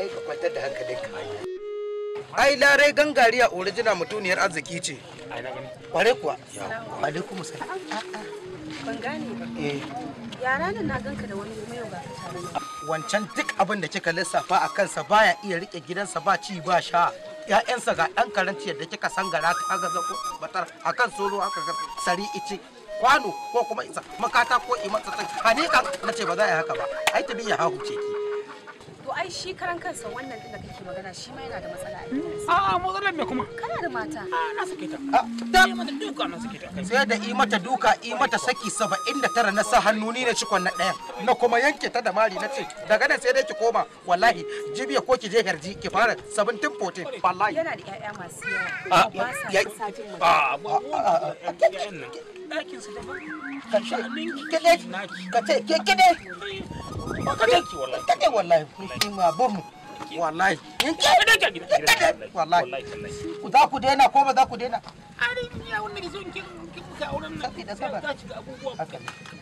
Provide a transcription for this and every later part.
ai ka kwantar da hankalinka ai larai gangariya original mutuniyar arziki ce kware kuwa alaikum salam ah, ah, ah. ban gane ba eh yara nan na ganka da wani mai ba wancan duk abin da kika lissafa a kansa baya iya rike gidansa ba ci ba sha Ya'yansa ga ɗan karanci yadda kika san gara ta ga zako batar akan soro aka ga sari ice kwano ko kuma isa makata ko imatsa ta hane kan ce ba za a yi haka ba ai ta biya hahu ce ki ai shi karan kansa wannan din da kake magana shi ma yana da matsala a a matsalar me kuma kana da mata a ah, na sake ta ah, mata duka na sake ta sai da yi mata duka mata saki 79 na sa hannu ni na cikon na daya na kuma yanke ta da mari na ce daga nan sai dai ki koma wallahi jibiya ko ki je garji ki fara 1714 wallahi yana da ƴaƴa masu yawa ah, ba sa ɗakin su daban. babanmu wallahi wallahi ku za ku daina ko ba za ku daina arin ya wannan gizo kin kin ka auren nan sai ka shiga abubuwa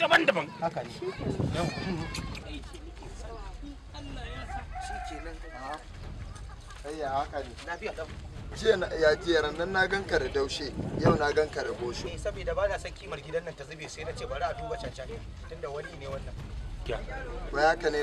daban daban haka ne ya haka ne lafiya dan ya jiyar nan na ganka da daushe yau na ganka da gosho eh saboda ba na san kimar gidan nan ta zube sai na ce bari a duba cancan tunda wani ne wannan haka ne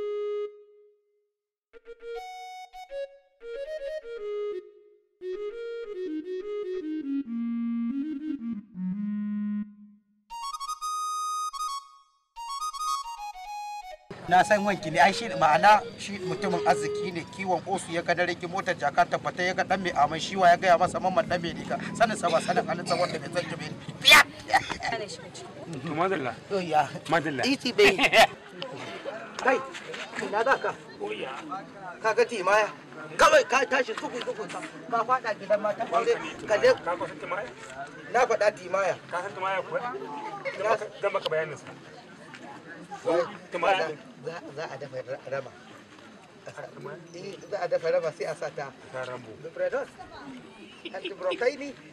na san wanki ne ai shi ma'ana shi mutumin arziki ne kiwon osu ya ga dare ki motar jaka tabbata ya ga dan mai amai shiwa ya ga ya masa mamman dan mai dika sanin sa ba sanin halin sa wanda bai san jibe fiya to madalla to ya madalla iti bai kai ina da ka oya ka ga ti maya kawai ka tashi tuku tuku ka fada gidan matan aure ka je ka fada ti maya na fada ti maya ka san ti timaya kuwa dan baka bayanin sa Oh, come timaya ذا ذا ada فرما ذا ada فرما سي أساتا فرما ببرادوس هل تبروكا إني